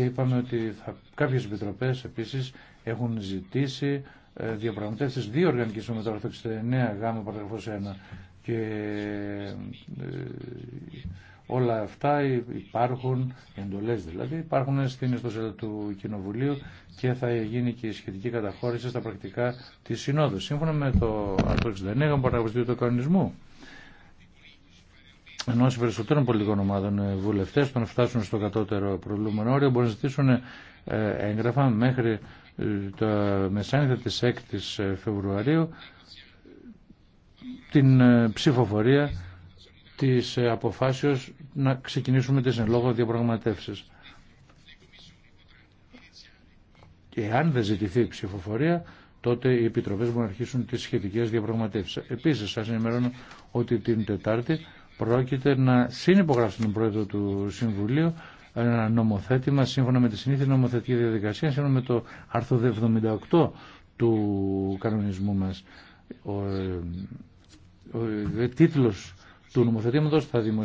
και είπαμε ότι θα, κάποιες επιτροπές επίσης έχουν ζητήσει ε, διαπραγματεύσεις δύο οργανικές με το 69 γάμο παραγραφός 1 και ε, όλα αυτά υπάρχουν, εντολές δηλαδή, υπάρχουν στην ιστοσελίδα του Κοινοβουλίου και θα γίνει και η σχετική καταχώρηση στα πρακτικά της Συνόδου. Σύμφωνα με το άρθρο 69 2 του κανονισμού ενό περισσότερων πολιτικών ομάδων ε, βουλευτέ, όταν φτάσουν στο κατώτερο προβλούμενο όριο, μπορούν να ζητήσουν ε, έγγραφα μέχρι ε, το μεσάνυχτα της 6ης Φεβρουαρίου την ψηφοφορία της αποφάσεως να ξεκινήσουμε τις εν λόγω διαπραγματεύσεις. αν δεν ζητηθεί ψηφοφορία, τότε οι επιτροπές μπορούν να αρχίσουν τις σχετικές διαπραγματεύσεις. Επίσης, σας ενημερώνω ότι την Τετάρτη πρόκειται να συνυπογράψουν τον πρόεδρο του Συμβουλίου ένα νομοθέτημα σύμφωνα με τη συνήθεια νομοθετική διαδικασία, σύμφωνα με το άρθρο 78 του κανονισμού μας. Ο, ε, ο, ε, τίτλος του νομοθετήματος θα δημοσιεύει.